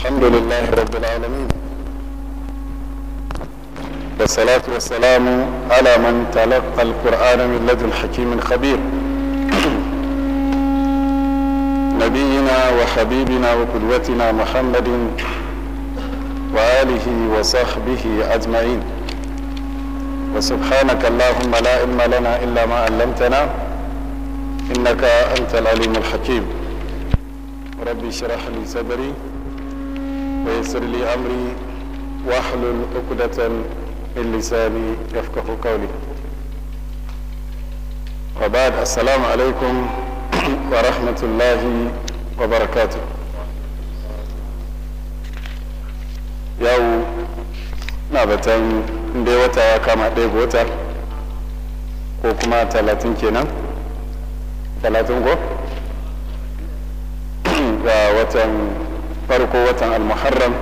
الحمد لله رب العالمين والصلاة والسلام على من تلقى القرآن من لدن حكيم خبير نبينا وحبيبنا وقدوتنا محمد وآله وصحبه أجمعين وسبحانك اللهم لا علم لنا إلا ما علمتنا إنك أنت العليم الحكيم ربي اشرح لي صدري ويسر لي أمري واحلل عقدة من لساني يفقه قولي وبعد السلام عليكم ورحمة الله وبركاته yau na batan dai wata ya kama ɗaya ga wata ko kuma talatin kenan talatin ko ga watan farko watan al-muharram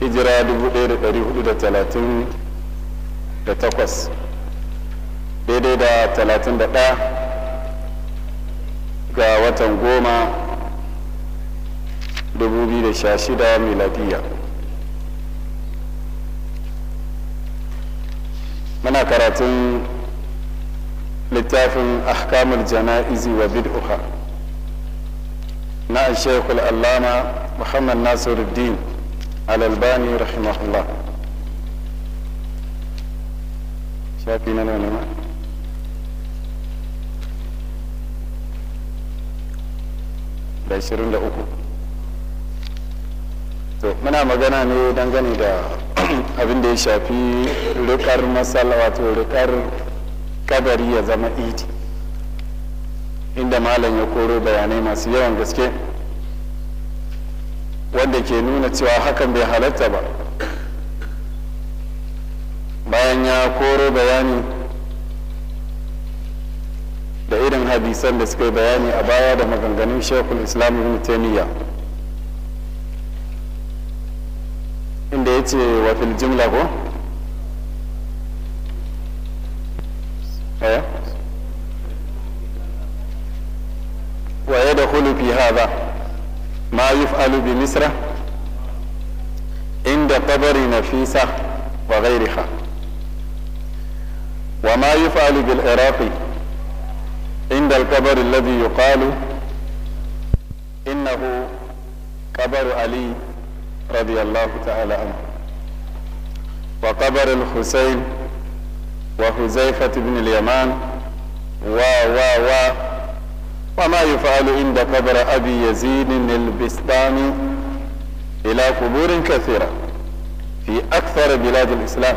hijira 1438 daidai da 31 ga watan goma 2016 miladiya muna karatun littafin ahkamul jana'izi wa bid'uha na shekul allama muhammad nasiruddin al-albani rahimahullah shafi na nuna da 23 to muna magana ne dangane da abin da ya shafi rikar masala wato rikar kadari ya zama idi inda malam ya koro bayanai masu yawan gaske wanda ke nuna cewa hakan bai halatta ba bayan ya koro bayani da irin hadisan da suka yi bayani a baya da maganganun shekul islam ibn inda ya ce wa jimla ko مصر عند قبر نفيسة وغيرها وما يفعل بالعراق عند القبر الذي يقال إنه قبر علي رضي الله تعالى عنه وقبر الحسين وحزيفة بن اليمان و و و وما يفعل عند قبر أبي يزيد البستاني إلى قبور كثيرة في أكثر بلاد الإسلام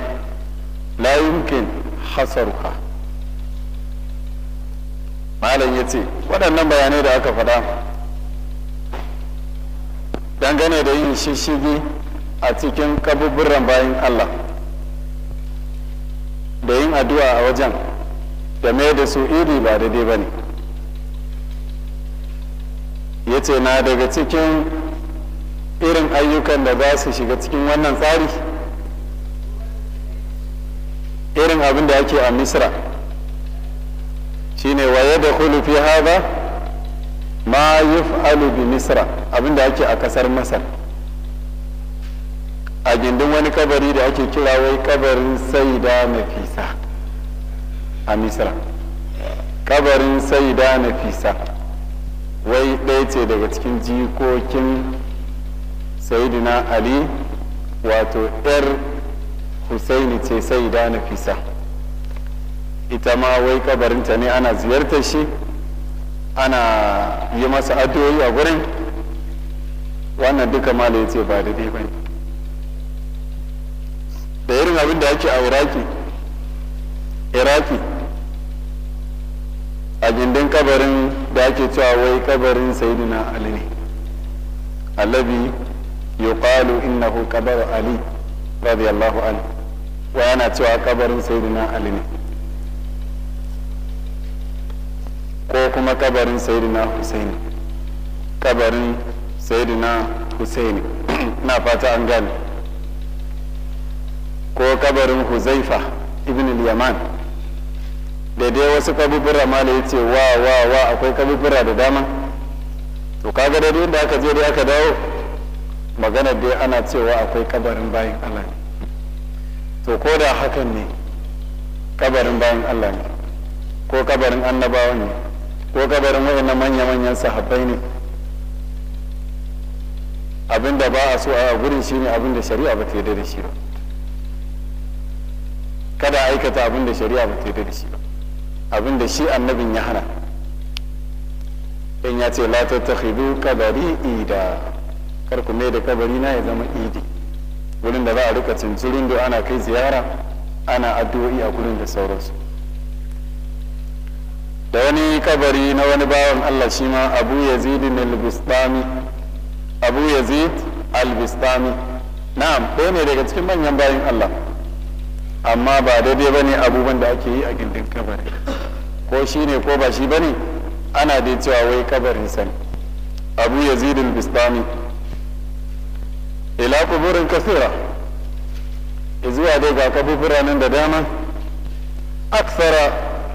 لا يمكن حصرها malam ya ce waɗannan bayanai da aka faɗa dangane da yin shishigi a cikin kaburburan bayan Allah da yin addu'a a wajen da mai da su iri ba daidai ba ne ya ce na daga cikin irin ayyukan da za su shiga cikin wannan tsari irin abin da ake a misra shine waye da fi haza ma yuf'alu bi misra abin da ake a kasar masar a gindin wani kabari da ake kira wai kabarin saida nafisa a misra kabarin saida nafisa wai ɗaya ce daga cikin jikokin sayidina ali wato yar husaini ce sai da nafisa ita ma wai kabarinta ne ana ziyartar shi ana yi masa addu'o'i a gurin wannan duka mala ya ce ba daidai ba ne da irin abin da ake a iraki iraki a gindin kabarin da ake cewa wai kabarin sayidina ali ne alabi يقال innahu قبر علي رضي الله عنه توا قبر سيدنا علي ko kabarin huzaifa ibn yaman dai wasu kabubura ma da ce wa wa wa akwai kabubura da dama to kaga daidai inda aka je dai aka dawo magana dai ana cewa akwai kabarin bayan allah ne to ko da hakan ne kabarin bayan allah ne ko kabarin annabawa ne ko kabarin na manya-manyan sahabbai ne abin da ba a so a gurin shi ne abin da shari'a ba ta yi da shi ba kada a aikata abin da shari'a ba ta yi da shi ba abin da shi annabin ya hana in ya ce la tattakhidu kabari idan kar ku mai da kabari na ya zama idi wurin da za a rika cincirin da ana kai ziyara ana addu'o'i a gurin da sauransu da wani kabari na wani bawan Allah shi ma Abu Yazid al-Bustami Abu Yazid al-Bustami na'am ɗaya ne daga cikin manyan bayan Allah amma ba daidai ba ne abubuwan da ake yi a gindin kabari ko shi ne ko ba shi ba ne ana dai cewa wai kabarin sani abu yazid al-bistami ila kuburin kasira izuwa dai ga kabubura nan da dama aksara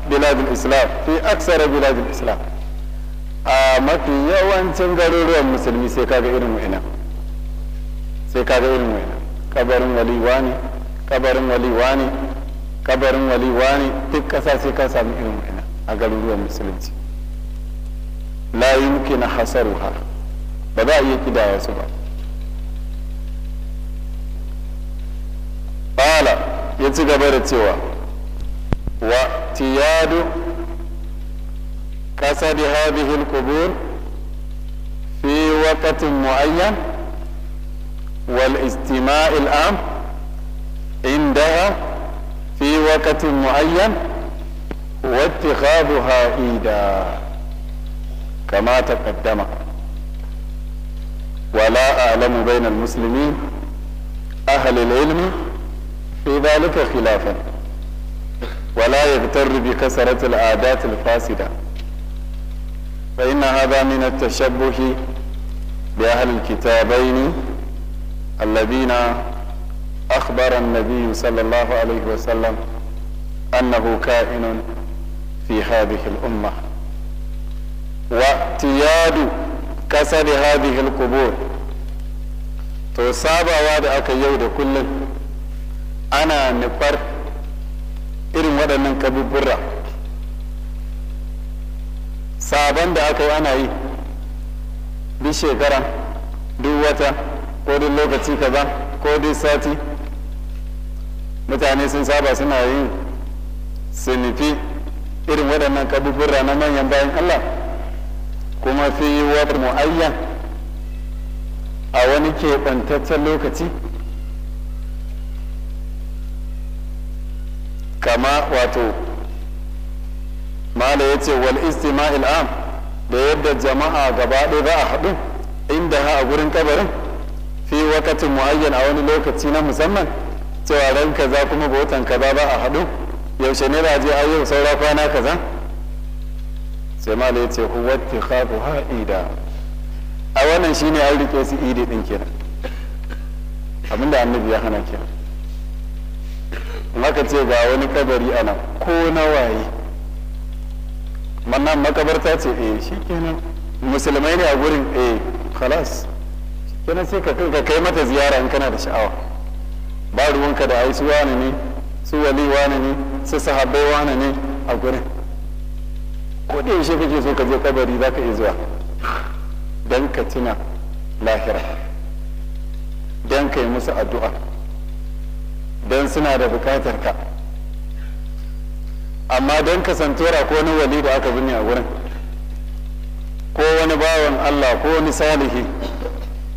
biladin islam fi aksara biladin islam a mafi yawancin garuruwan musulmi sai kaga irin wa'ina sai kaga irin wa'ina kabarin waliwa ne kabarin waliwa ne kabarin waliwa ne duk kasa sai ka samu irin wa'ina a garuruwan musulunci la yumkin hasaruha ba za a iya kidaya su ba ƙala ya ci gaba da cewa wa tiyadu kasadi hadhihi al-qubur fi waqtin muayyan wal istima' al-am indaha fi waqtin muayyan واتخاذها عيدا كما تقدم ولا أعلم بين المسلمين أهل العلم في ذلك خلافا ولا يغتر بكسرة العادات الفاسدة فإن هذا من التشبه بأهل الكتابين الذين أخبر النبي صلى الله عليه وسلم أنه كائن في هذه الأمة واعتياد كسر هذه القبور تصاب وادعك da كل ana nufar irin waɗannan kabuburra sabon da aka yi ana yi duk shekara duk wata ko duk lokaci kaza ko duk sati mutane sun saba suna yin sinifi irin waɗannan kabuburra na manyan bayan allah kuma fi yi wa mu'ayyan a wani keɓantaccen lokaci kama wato mala ya ce wal istima'il am da yadda jama'a gaba ɗaya za a haɗu inda ha a gurin kabarin fi wakatin mu'ayyan a wani lokaci na musamman cewa ran kaza kuma ga watan kaza ba a haɗu yaushe ne da je ayyau saura kwana kaza sai mala ya ce huwa ittikhadu ha'ida a wannan shine an rike su idi din kenan abinda annabi ya hana kenan maka ce ga wani kabari ana ko na waye mannan makabarta ce eh kenan musulmai ne a gurin eh khalas kenan sai ka kanka kai mata ziyara in kana da sha'awa ba ruwanka da ai su wani ne su wali wani ne su sahabbai wani ne a gurin ko da yaushe kake so ka je kabari za ka iya zuwa dan ka tuna lahira dan ka yi musu addu'a don suna da bukatar ka amma don kasantuwar ko wani wali da aka binne a wurin ko wani bawan Allah ko wani salihi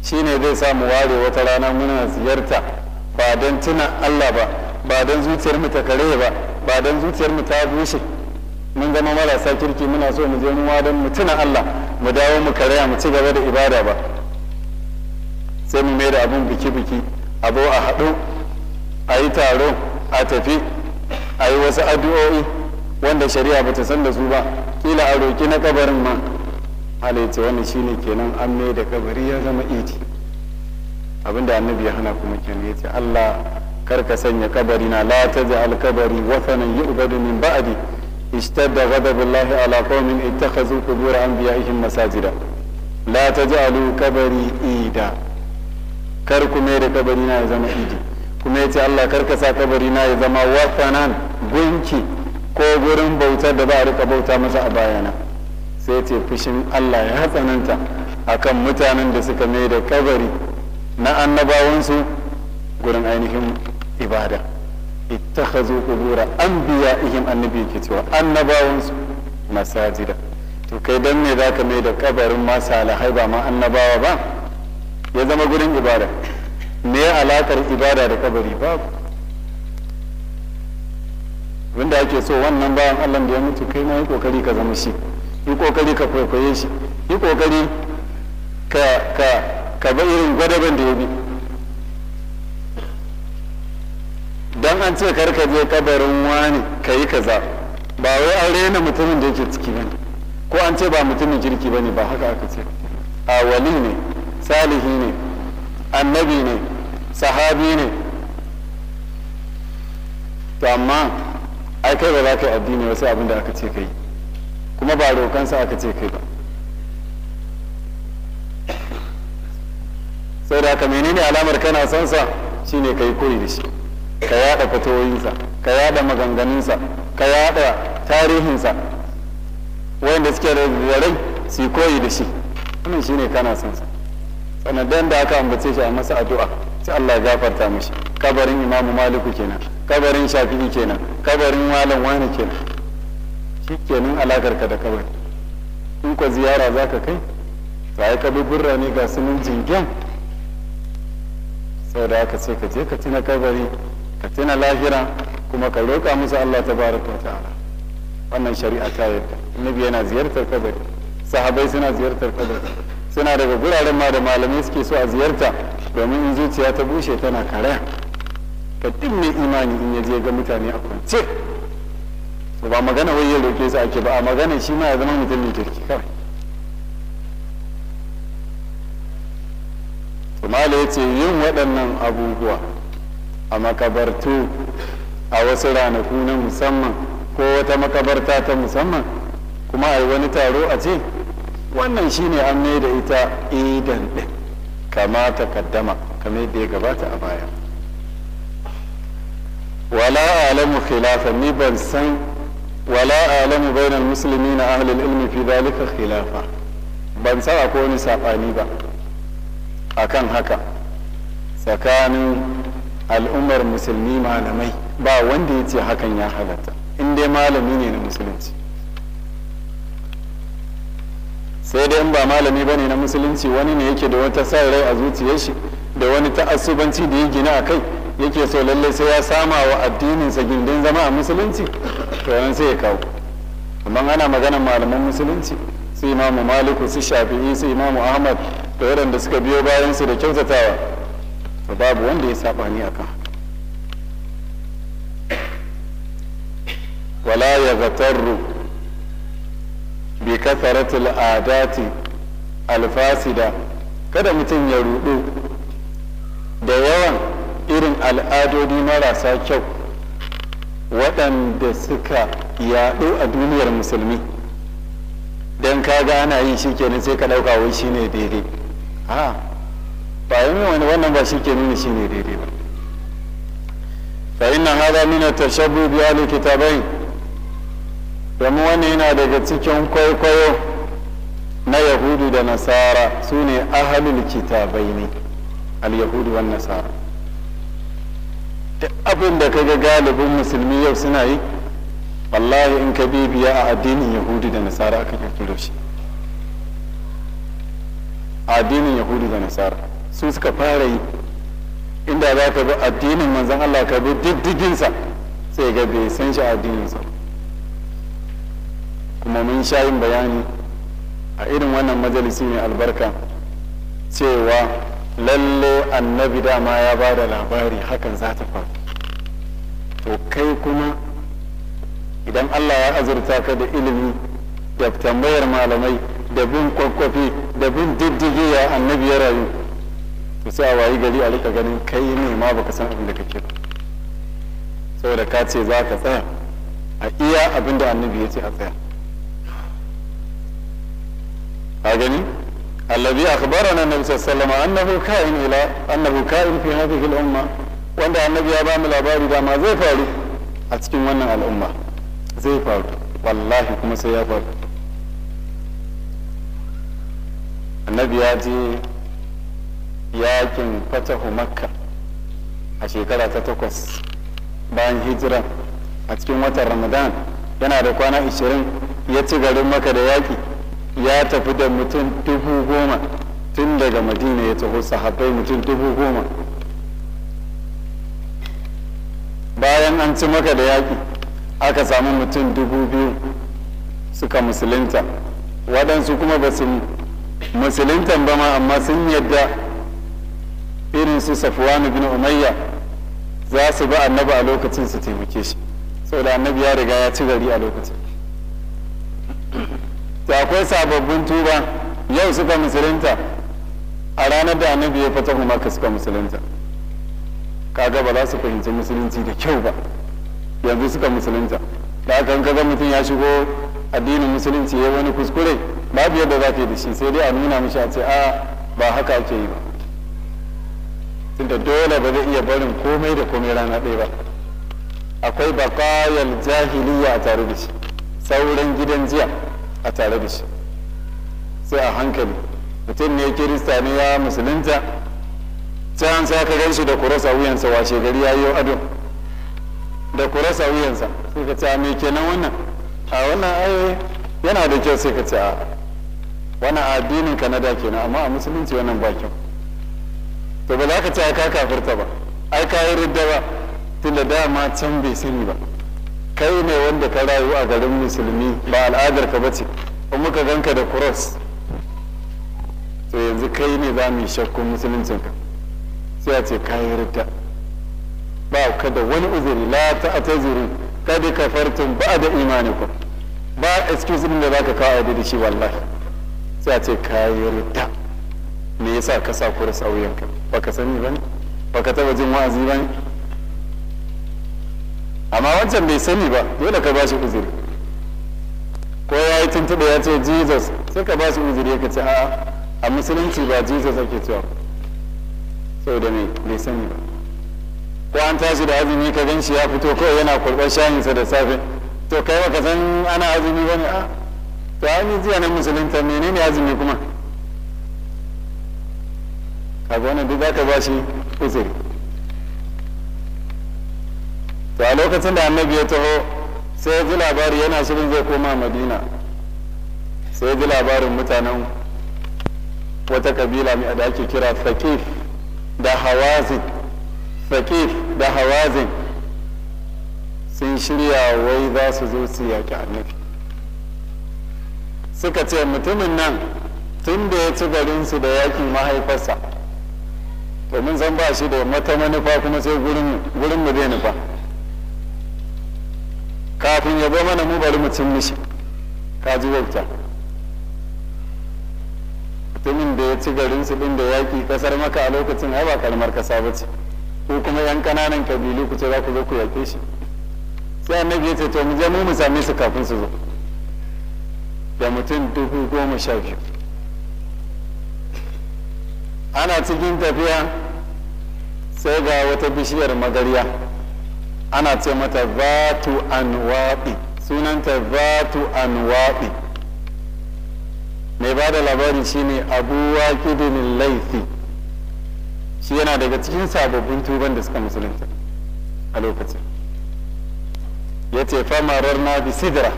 shine zai samu ware wata rana muna ziyarta ba don tuna Allah ba ba don zuciyar mu ta kare ba ba don zuciyar mu ta bushe mun zama marasa kirki muna so mu je mu don mu tuna Allah mu dawo mu karaya mu ci gaba da ibada ba sai mu mai da abun biki biki abu a haɗu a yi taro a tafi a yi wasu addu'o'i wanda shari'a ba ta san da su ba kila a roƙi na kabarin ma wani shi ne kenan an mai da kabari ya zama idi abinda annabi ya hana kuma kenan ya ce allah kar ka sanya kabari na lata ta ji alkabari wasanin yi ubadu min ba'adi da ishtadda ghadabullahi ala qaumin ittakhazu qubur anbiya'ihim masajida la taj'alu kabari ida kar ku mai da kabari na ya zama idi kuma ya ce Allah karka sa kabari na ya zama wafanan gunki ko gurin bautar da za a rika bauta masa a bayana sai ce fushin Allah ya hatsananta akan mutanen da suka mai da kabari na annabawansu gurin ainihin ibada ittakhazu biya anbiya'ihim annabi ke cewa annabawansu masajida to kai dan me ka mai da kabarin masalahai ba ma annabawa ba ya zama gurin ibada me ya alakar ibada da kabari babu wanda ake so wannan bayan allah da ya mutu kai ma yi kokari ka zama shi yi kokari ka kwaikwaye shi yi kokari ka ka ka ba irin gwadaban da ya bi dan an ce karka je kabarin wani ka yi kaza ba wai an rena mutumin da yake ciki bane ko an ce ba mutumin ba bane ba haka aka ce a wali ne salihi ne annabi ne sahabi ne to amma ai kai ba za ka yi addini wasu abin da aka ce ka yi kuma ba rokansa aka ce kai ba sau da haka menene alamar kana son sa shine ka yi koyi da shi ka yada fatoyinsa ka yada maganganunsa ka yada tarihinsa wayanda suke da rai su koyi da shi wannan shine kana son sa sanadin da aka ambace shi a masa addu'a sai Allah ya gafarta mishi kabarin imamu maliku kenan kabarin shafi'i kenan kabarin malam wani kenan shi kenan alakar ka da kabari in ko ziyara za ka kai to ai burra ne ga sunan jingen da aka ce ka je ka tuna kabari ka tuna lahira kuma ka roƙa musu Allah tabaraka ta ta'ala wannan shari'a ta yadda annabi yana ziyartar kabari sahabai suna ziyartar kabari suna daga guraren ma da malamai suke so a ziyarta domin in zuciya ta bushe tana karaya ka duk mai imani in ya je ga mutane a kwance ba magana wai ya roke su ake ba a magana shi ma ya zama mutum mai kirki kawai tumala ya ce yin waɗannan abubuwa a makabartu a wasu ranaku na musamman ko wata makabarta ta musamman kuma a yi wani taro a ce wannan shine an mai da ita idan ɗin kama ta kaddama kamar da ya gabata a baya wala alamu khilafa ni ban san wala alamu bainal musulmi na ahlul ilmi fi dalika khilafa ban san ko wani saɓani ba akan haka tsakanin al'ummar musulmi malamai ba wanda ya ce hakan ya halatta in dai malami ne na musulunci sai dai in ba malami bane na musulunci wani ne yake da wata sa rai a zuciyar shi da wani ta'assubanci da ya gina a kai yake so lalle sai ya sama wa addininsa gindin zama a musulunci to yan sai ya kawo amma ana maganar malaman musulunci su imamu maliku su shafi'i su imamu ahmad da waɗanda suka biyo bayan su da kyautatawa to babu wanda ya saba ni akan wala ya gatarru bi kasaratul adati alfasida kada mutum ya rudu da yawan irin al'adodi marasa kyau waɗanda suka yaɗu a duniyar musulmi don kaga ana yin shi kenan sai ka ɗauka wai shi ne daidai ha ba yi wani wannan ba shi ke nuna shi ne daidai ba fa'in inna haɗa nuna tashabu tashabbu bi ahli domin wani yana daga cikin kwaikwayo na yahudu da nasara su ne ahalul kitabai ne al-yahudu nasara duk abin da kaga galibin musulmi yau suna yi wallahi in ka bibiya a addinin yahudu da nasara aka kirkiro shi addinin yahudu da nasara su suka fara yi inda za ka bi addinin manzon allah ka bi diddiginsa sai ga bai san shi addininsa ba kuma mun sha yin bayani a irin wannan majalisi ne albarka cewa lalle annabi dama ya ba da labari hakan za ta faru to kai kuma idan allah ya azurta ka da ilimi da tambayar malamai da bin kwakwafi da bin diddigi ya annabi ya rayu to sai a wayi gari a rika ganin kai ne ma baka san abin da kake ba saboda ka ce za ka tsaya a iya abin da annabi ya ce a tsaya a gani allazi akhbarana annabi sallallahu alaihi annahu ka'in ka'in fi hadhihi al-umma wanda annabi ya ba labari da zai faru a cikin wannan al'umma zai faru wallahi kuma sai ya faru annabi ya je yakin fatahu makka a shekara ta takwas bayan hijira a cikin watan ramadan yana da kwana ashirin ya ci garin maka da yaƙi ya tafi da mutum dubu goma tun daga madina ya taho sahabbai mutum dubu goma bayan an ci maka da yaƙi aka samu mutum dubu biyu suka musulunta waɗansu kuma ba su musuluntan ba ma amma sun yadda irin su safuwanu bin umayya za su ba annabi a lokacin su taimake shi saboda annabi ya riga ya ci gari a lokacin da akwai sababbin tuba yau suka musulunta a ranar da annabi ya fata ka suka musulunta kaga ba za su fahimci musulunci da kyau ba yanzu suka musulunta da haka kaga mutum ya shigo addinin musulunci ya wani kuskure babu yadda za ka yi da shi sai dai a nuna mishi a ce a ba haka ake yi ba tunda dole ba zai iya barin komai da komai rana ɗaya ba akwai bakayal jahiliya a tare da shi sauran gidan jiya a tare da shi sai a hankali mutum ne kirista ne ya musulunta an sa ka gan shi da kurasa wuyansa washe gari ya yi ado da kurasa wuyansa sai ka ce a kenan wannan a wannan ai yana da kyau sai ka ce a wannan addinin ka na da kenan amma a musulunci wannan ba kyau to ba za ka ce ka kafirta ba ai ka yi ridda ba tunda dama can bai sani ba kai ne wanda ka rayu a garin musulmi ba al'adar ka bace in muka ganka da cross to yanzu kai ne za mu yi shakkun musuluncin ka sai a ce ka yi ba ka da wani uzuri la ta atazuru kada kafartum ba da ku ba excuse din da zaka kawo da shi wallahi sai a ce ka yi me yasa ka sa cross a wuyanka baka sani bane baka taba jin wa'azi bane amma wancan bai sani ba dole ka ba shi uzuri ko ya yi tuntuɓe ya ce jesus sai ka ba shi uzuri ya ce a a musulunci ba jesus ake cewa saboda mai bai sani ba ko an tashi da azumi ka gan shi ya fito kawai yana kwalɓar shayinsa da safe to kai baka san ana azumi ba ne a to an yi jiya na musulunta menene azumi kuma kaga wannan duk za ka ba shi uzuri to a lokacin da annabi ya taho sai ya ji labari yana shirin zai koma madina sai ya ji labarin mutanen wata kabila mai da ake kira fakif da hawazin fakif da hawazin sun shirya wai za su zo su yaƙi annabi suka ce mutumin nan tun da ya ci garinsu da yakin mahaifarsa domin zan ba shi da mata manufa kuma sai gurin mu zai nufa kafin ya bai mana mu bari mu cin mishi ka ji wauta mutumin da ya ci garin su din da yaƙi kasar maka a lokacin ai ba kalmar kasa ba ce ko kuma yan kananan kabilu ku ce za ku zo ku yaƙe shi sai annabi ya ce to mu je mu mu same su kafin su zo da mutum dubu goma sha biyu ana cikin tafiya sai ga wata bishiyar magarya. ana ce mata zatu an waɗi sunanta zatu an waɗi mai bada da labari shine abu waƙidin laifi shi yana daga cikin sababbin tuban da suka musulunta a lokacin ya ce famarar na bi sidra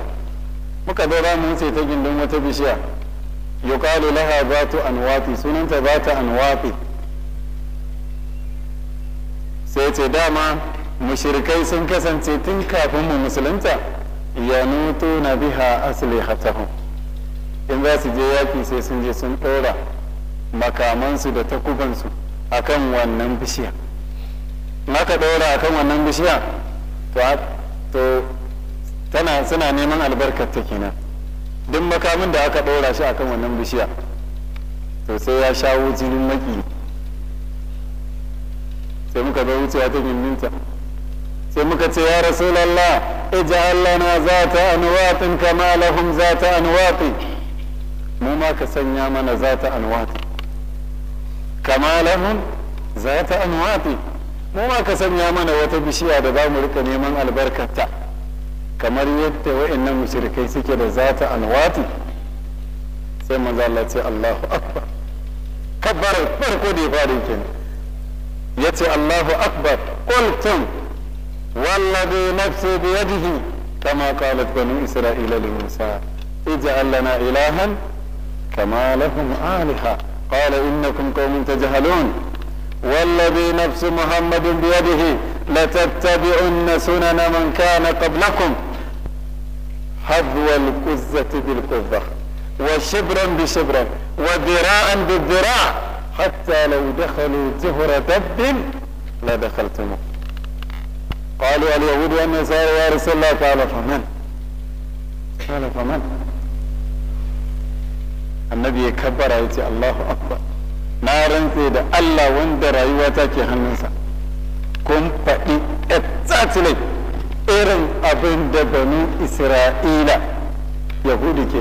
muka zo mu wuce ta gindin wata bishiya yuqalu laha zatu waɗi sunanta zata an waɗi sai ce dama mushirikai sun kasance tun kafin mu musulunta ya nuto na biha asali hatahu in za su je yaƙi sai sun je sun ɗora makamansu da takubansu a kan wannan bishiya in aka ɗora a kan wannan bishiya to tana suna neman albarkar ta kenan duk makamin da aka ɗora shi a kan wannan bishiya to sai ya shawo jinin maki sai muka zo wucewa ta gindinta sai muka ce ya rasulallah ij'al lana zata anwatin kama lahum zata anwati mu ma ka sanya mana zata anwati kama lahum zata anwati mu ma ka sanya mana wata bishiya da za mu rika neman albarkarta kamar yadda wa'annan mushrikai suke da zata anwati sai manzo Allah ce Allahu akbar kabbar farko da ya fara ya ce Allahu akbar qultum والذي نفسي بيده كما قالت بنو إسرائيل لموسى اجعل لنا إلها كما لهم آلهة قال إنكم قوم تجهلون والذي نفس محمد بيده لتتبعن سنن من كان قبلكم حذو القزة بالقزة وشبرا بشبرا وذراعا بالذراع حتى لو دخلوا جهر دب لدخلتموه قالوا اليهود والنصارى يا رسول الله قال فمن قال فمن annabi ya kabbara ya ce Allahu Akbar na rantse da Allah wanda rayuwa ta ke hannunsa kun faɗi exactly irin abinda da Isra'ila Yahudu ke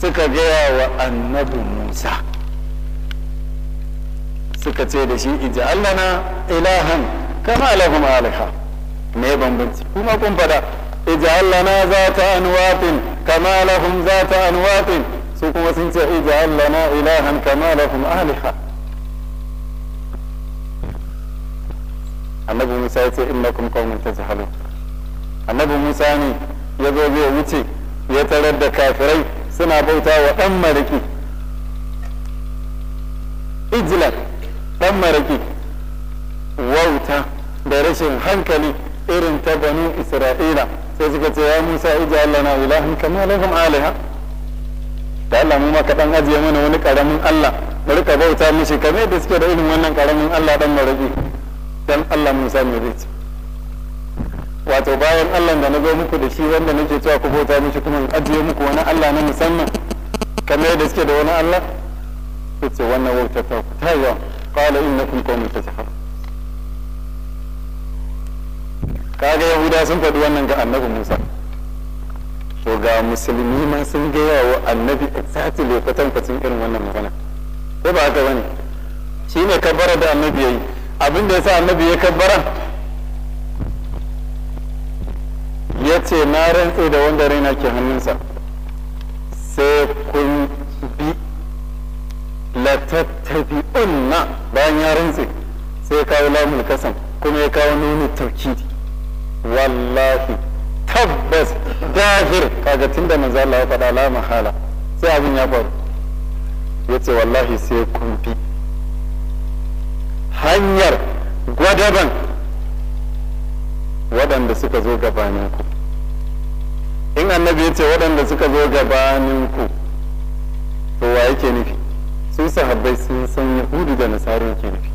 suka gaya wa annabi Musa suka ce da shi ija'allana ilahan كما لهم آلهة نيبم بنت كما قم بدا اجعل لنا ذات أنوات كما لهم ذات أنوات سكما سنت اجعل لنا إلها كما لهم آلهة النبي موسى إنكم قوم تجهلون النبي موسى يقول يا وتي يتردد كافرين سنا بوتا وأم ملكي إجلا أم ملكي ووتا da rashin hankali irin ta banu isra'ila sai suka ce ya musa ija allah na ilahin kama lahum alaiha da allah mu maka dan ajiye mana wani karamin allah mu rika bauta mishi kamar yadda suke da irin wannan karamin allah dan maraki dan allah musa mai zai wato bayan allah da na zo muku da shi wanda nake cewa ku bauta mishi kuma in ajiye muku wani allah na musamman kamar yadda suke da wani allah ku ce wannan wautar ta ku ta yawa qala innakum qawmun tajhalun kaga yahuda sun faɗi wannan ga annabi musa to ga musulmi ma sun gaya wa annabi exactly kwatankwacin irin wannan magana ko ba haka bane shi ne kabbara da annabi ya yi abin da ya sa annabi ya kabbara ya ce na rantse da wanda raina ke hannunsa sai kun bi unna bayan ya rantse sai kawo lamun kasan kuma ya kawo nuna taukidi wallahi tabbas dahir kaga tunda manzo Allah ya faɗa la mahala sai abin ya faru ce wallahi sai kun fi hanyar gwadaban waɗanda suka zo gabaninku in annabi ya ce waɗanda suka zo gabaninku to wa yake nufi sun sahabbai sun san yahudu da nasara yake nufi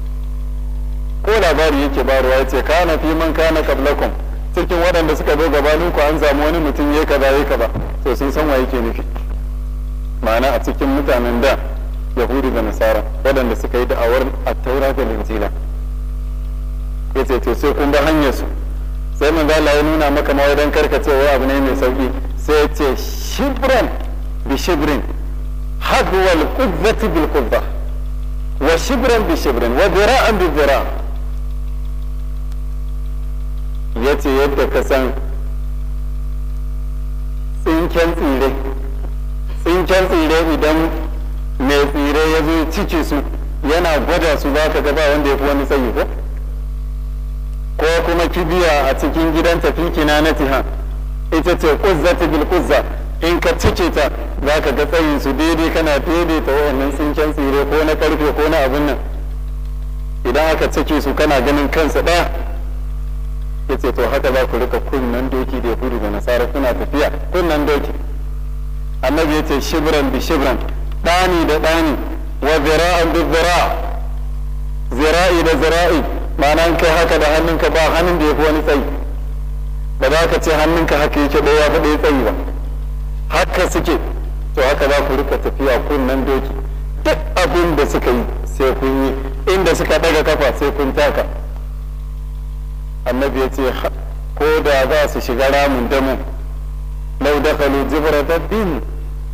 ko labari yake baruwa ya ce kana fi man kana kablakon cikin waɗanda suka zo gabanin ku an samu wani mutum ya kaza ya kaza to sun san wa yake nufi ma'ana a cikin mutanen da yahudu da nasara waɗanda suka yi da'awar taura da linzila ya ce to sai kun ba hanyar su sai mun zala ya nuna maka ma wajen wa abu ne mai sauki sai ya ce shibran bi shibrin hadwal kubba bil kubba wa shibran bi shibrin wa zira'an bi zira'an ya ce yadda ka san tsinken tsire tsinken tsire idan mai tsire ya zo cike su yana gwada su ba ka gaba wanda ya fi wani tsayi ko ko kuma kibiya a cikin gidan tafi na tiha ita ce kuzza ta bil in ka cike ta za ka ga tsayin su daidai kana daidaita wa'annan tsinken tsire ko na karfe ko na abin nan idan aka cike su kana ganin kansa ɗaya ce to haka za ku rika kunnan doki da yahudu da nasara kuna tafiya kunnan doki annabi ce shibran bi shibran dani da dani wa zira'an bi ziraa zira'i da zira'i ma'ana kai haka da hannunka ba hannun da yafi wani tsayi ba za ka ce hannunka haka yake da ya faɗa tsayi ba haka suke to haka za ku rika tafiya kunnan doki duk abin da suka yi sai kun yi inda suka ɗaga kafa sai kun taka annabi ya ce ko da za su shiga ramin damu lau dakalu jibra dabbin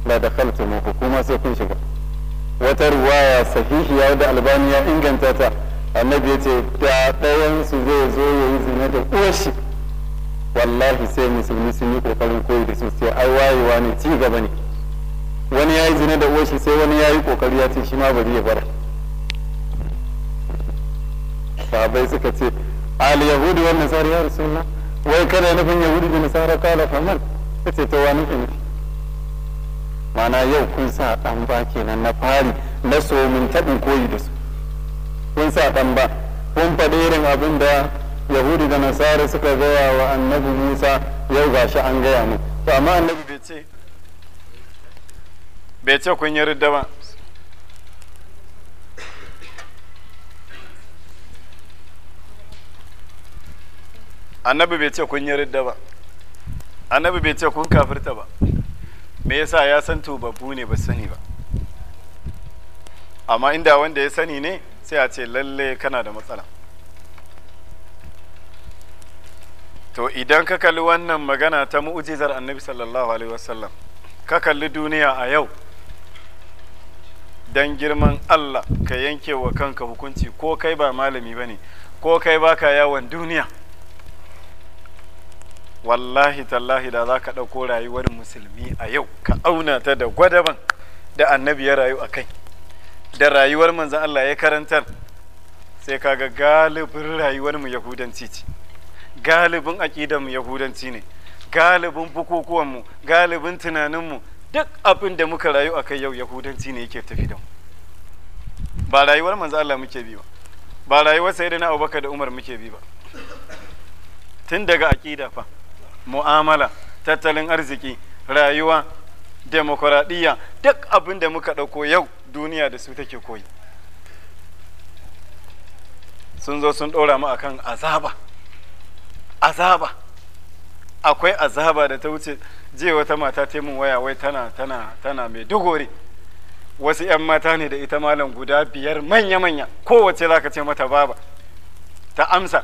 la da muku kuma sai kun shiga wata ruwaya sahihiya da albani ya inganta ta annabi ya ce da ɗayansu zai zo ya yi zina da uwashi wallahi sai musulmi sun yi kokarin koyi da su sai ai wayewa ne ci gaba ne wani ya yi zina da uwashi sai wani ya yi kokari ya ce shi ma bari ya bara sahabai suka ce al yahudi wa nasara ya rasulullah wai kada nufin yahudi da nasara kala famar kace to wa nake nufi mana yau kun sa dan ba kenan na fari na so min tabin koyi da su kun sa dan ba kun fadi irin abin da yahudi da nasara suka gaya wa annabi musa yau gashi an gaya mu to amma annabi bai ce bai ce kun yi ridda ba annabi bai ce kun yi ridda ba annabi bai ce kun kafirta ba me yasa ya san tubabbu ne ba sani ba amma inda wanda ya sani ne sai a ce lalle kana da matsala to idan ka kalli wannan magana ta mu'ujizar annabi sallallahu alaihi wasallam ka kalli duniya a yau dan girman Allah ka yanke wa kanka hukunci ko kai ba malami ba ne ko kai baka yawon duniya wallahi tallahi da za ka ɗauko rayuwar musulmi a yau ka auna ta da gwadaban da annabi ya rayu a kai da rayuwar manzan Allah ya karantar sai ka ga galibin rayuwar mu yahudanci ce galibin aƙidar mu yahudanci ne galibin bukukuwan mu galibin tunanin mu duk abin da muka rayu a kai yau yahudanci ne yake tafi da mu ba rayuwar manzan Allah muke bi ba ba rayuwar na Abubakar da Umar muke bi ba tun daga aƙida fa mu'amala tattalin arziki rayuwa demokuraɗiyya duk abin da muka ɗauko yau duniya da su take koyi sun zo sun ɗora mu akan azaba azaba akwai azaba da ta wuce je wata mata ta waya wai tana tana tana mai dugore wasu 'yan mata ne da ita malam guda biyar manya-manya kowace za ka ce mata baba ta amsa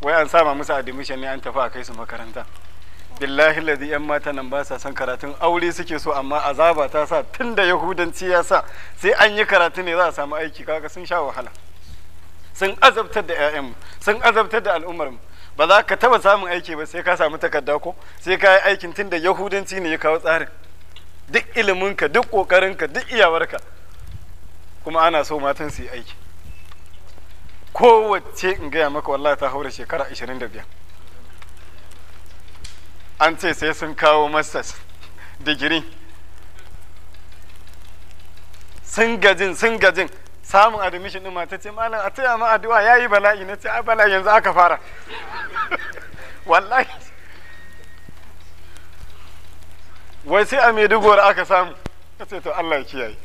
wai an sama musu admission ne an tafi a kai su makaranta billahi ladi yan mata nan ba sa son karatun aure suke so amma azaba ta sa tun da yahudanci ya sa sai an yi karatu ne za a samu aiki kaga sun sha wahala sun azabtar da 'ya'yanmu sun azabtar da al'ummarmu ba za ka taba samun aiki ba sai ka samu takarda ko sai ka yi aikin tun da yahudanci ne ya kawo tsarin duk iliminka duk ƙoƙarinka duk iyawarka kuma ana so matan su yi aiki kowace in gaya maka wallahi ta haura shekara 25 an ce sai sun kawo masters digiri sun gajin sun gajin samun admission ɗin mata ce malam a taya ma addu'a yi bala'i na ce a bala'i yanzu aka fara wallahi wai sai a maiduguri aka samu ka ce to Allah ya kiyaye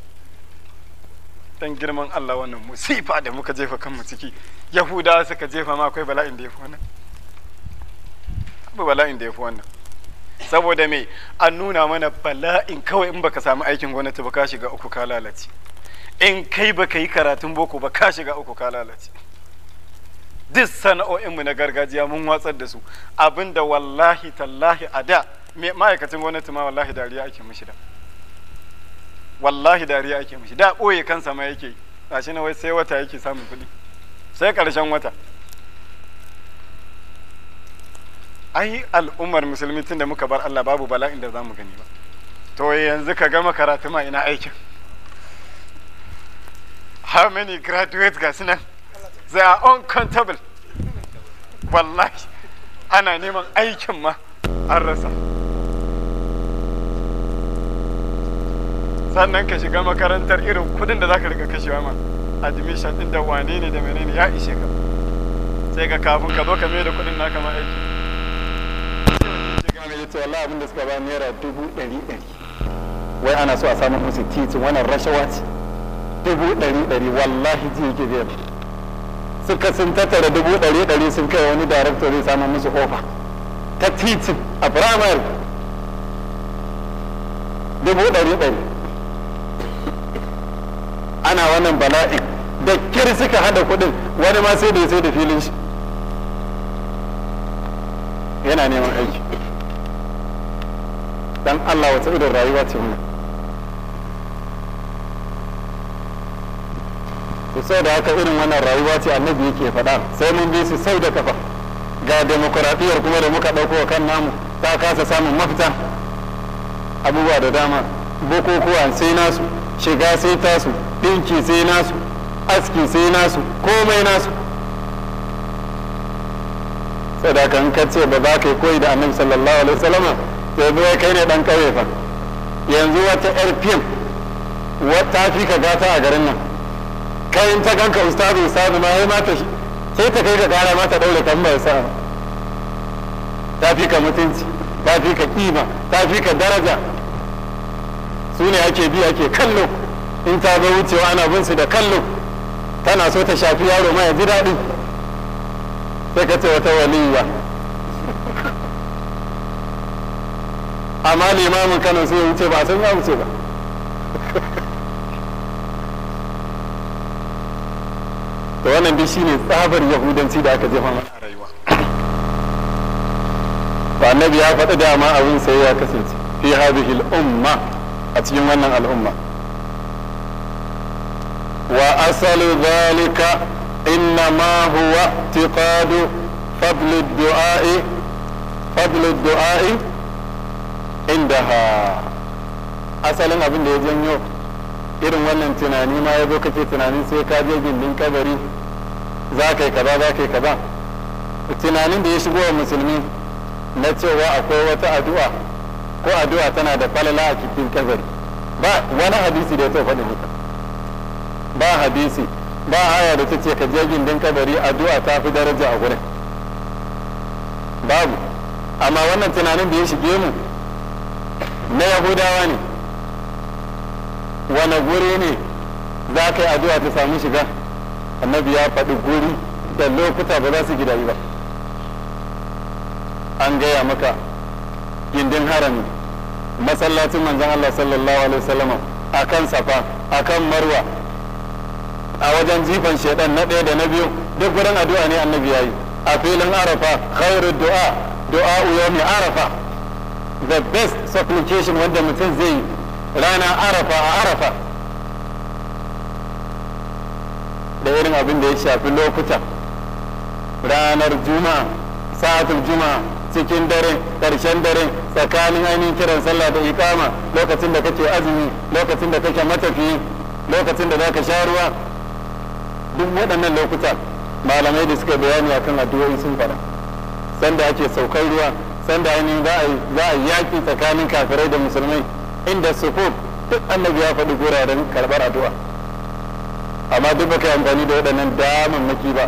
dan girman Allah wannan musifa da muka jefa kanmu ciki yahuda suka jefa ma akwai bala'in da ya fi wannan abu bala'in da ya fi wannan saboda me an nuna mana bala'in kawai in baka samu aikin gwamnati ba ka shiga uku ka lalace in kai baka yi karatun boko ba ka shiga uku ka lalace duk sana'o'inmu na gargajiya mun watsar da su abinda wallahi tallahi a da ma'aikacin gwamnati ma wallahi dariya ake mishi da wallahi dariya ake mishi da ɓoye kansa ma yake shi na wai sai wata yake samun kuɗi sai ƙarshen wata ai al'ummar musulmi tun da muka bar Allah babu bala'in da za mu gani ba to yanzu ka gama karatu ma ina aikin how many graduates ga nan they are uncountable wallahi ana neman aikin ma an rasa sannan ka shiga makarantar irin kudin da zaka riga kashewa ma admission din da wane ne da menene ya ishe ka sai ga kafin ka zo ka mai da kudin naka ma aiki ya ce wallahi abin da suka ba naira dubu ɗari ɗari wai ana so a samu musu titin wannan rashawa ce dubu ɗari ɗari wallahi ji yake biyar suka sun tattara dubu ɗari ɗari sun kai wani director zai samu musu ofa ta titin a firamare dubu ɗari ɗari ana wannan balai da kyar suka hada kudin wani ma sai da sai da filin shi yana neman aiki dan Allah wata irin rayuwa ce wannan sai da haka irin wannan rayuwa ce annabi yake faɗa sai mun bi su sai da kafa ga demokuraɗiyyar kuma da muka ɗauko kan namu ta kasa samun mafita abubuwa da dama bukukuwa sai nasu shiga sai tasu dinki sai nasu aski sai nasu komai nasu sadaka in ka ce ba za ka yi koyi da annabi sallallahu alaihi wasallama yanzu ya kai ne dan kare fa yanzu wata rpm wata fi ka gata a garin nan kai in ta ganka ustazu ustazu ma ya mata sai ta kai ka gara mata daure kan bai sa ta fi ka mutunci ta fi ka kima ta fi ka daraja su ne ake bi ake kallo in ta zo wucewa ana bin su da kallo tana so ta shafi yaro ma ya ji daɗi sai ka ce wata waliyya amma limamin kanan sai ya wuce ba san ya wuce ba to wannan dai shine tsabar yahudanci da aka jefa mana a rayuwa ba annabi ya faɗi dama abin sai ya kasance fi hadhihi al-umma a cikin wannan al'umma وأصل ذلك إنما هو اعتقاد فضل الدعاء فضل الدعاء عندها asalin abin da ya janyo irin wannan tunani ma ya zo kake tunanin sai ka je gindin kabari za ka yi kaza za ka yi kaza tunanin da ya shigo wa musulmi na cewa akwai wata addu'a ko addu'a tana da falala a cikin kabari wani hadisi da ya taɓa faɗin haka ba hadisi ba haya da ta ce ka je gindin kabari addu'a ta fi daraja a gurin babu amma wannan tunanin da ya shige mu na yahudawa ne wani guri ne za ka yi addu'a ta samu shiga annabi ya faɗi guri da lokuta ba za su yi ba an gaya maka gindin harami masallacin manzan Allah sallallahu alaihi wasallama akan safa akan marwa a wajen jifan shaidan na ɗaya da na biyu duk wurin addu'a ne annabi ya yi a filin arafa khairu du'a du'a mai arafa the best supplication wanda mutum zai yi rana arafa a arafa da irin abin da ya shafi lokuta ranar juma'a sa'atul juma'a cikin dare ƙarshen dare tsakanin ainihin kiran sallah da ikama lokacin da kake azumi lokacin da kake matafi lokacin da za ka sha ruwa duk waɗannan lokuta malamai da suka bayani akan addu'o'i sun fara sanda ake saukar ruwa sanda ainihin za a yi yaƙi tsakanin kafirai da musulmai inda sukuk duk annabi ya faɗi guraren karɓar addu'a amma duk baka yi amfani da waɗannan damammaki ba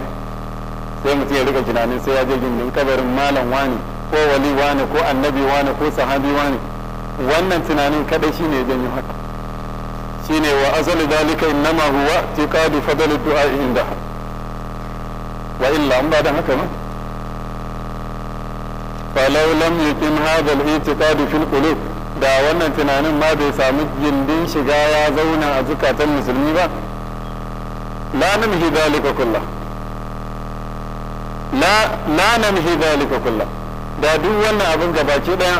sai mutum ya rika tunanin sai ya je gindin kabarin malam wani ko wali wani ko annabi wani ko sahabi wani wannan tunanin kaɗai shine ya janyo haka shine wa azali dalika innama huwa tiqadu fadl du'a inda wa illa an bada haka ba falau lam yuqim hadha al-i'tiqad fil qulub da wannan tunanin ma bai samu gindin shiga ya zauna a zukatan musulmi ba la namhi dalika kullah la la namhi dalika kullah da duk wannan abin gabaki daya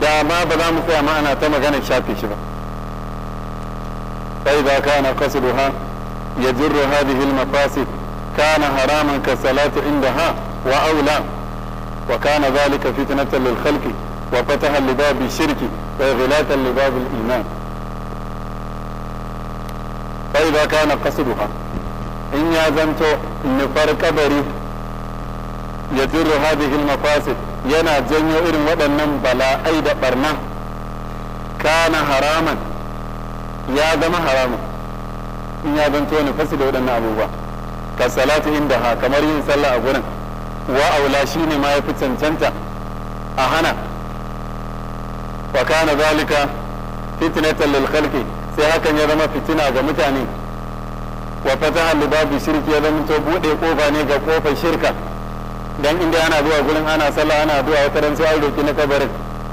da ma ba za mu tsaya ma ana ta magana shafe shi ba فإذا كان قصدها يجر هذه المقاصد كان حراما كالصلاة عندها وأولى وكان ذلك فتنة للخلق وفتحا لباب الشرك وإغلاقا لباب الإيمان فإذا كان قصدها إن إن فرق كبري يجر هذه المفاسد ينا جنيو إرم ودنم بلا أيد برنا كان حراما ya zama haramun in ya zanto ne fasi da waɗannan abubuwa ka salatu inda ha kamar yin sallah a gurin wa aula shine ma fi cancanta a hana wa kana zalika fitnatan lil khalqi sai hakan ya zama fitina ga mutane wa fataha li shirki ya zama to bude kofa ne ga kofar shirka dan inda ana zuwa gurin ana sallah ana zuwa wata ran sai an na kabarin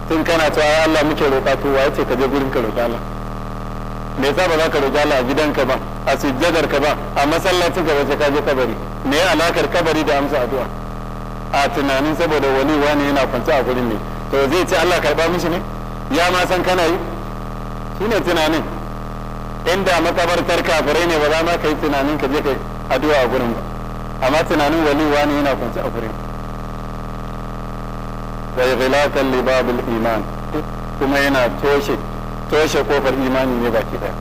tun kana cewa Allah muke roƙa to wa yace ka je gurin ka roƙa Allah me yasa ba za ka roƙi Allah a gidanka ba a sujjadar ka ba a masallacin ka ba sai ka je kabari me ya alakar kabari da amsa addu'a a tunanin saboda wani wani yana kwance a gurin ne to zai ce Allah karba mishi ne ya ma san kana yi shine tunanin inda makabartar kafirai ne ba za ma ka yi tunanin ka je kai addu'a a gurin ba amma tunanin wani wani yana kwance a gurin bai ghilakan libabul iman kuma yana toshe toshe kofar imani ne baki daya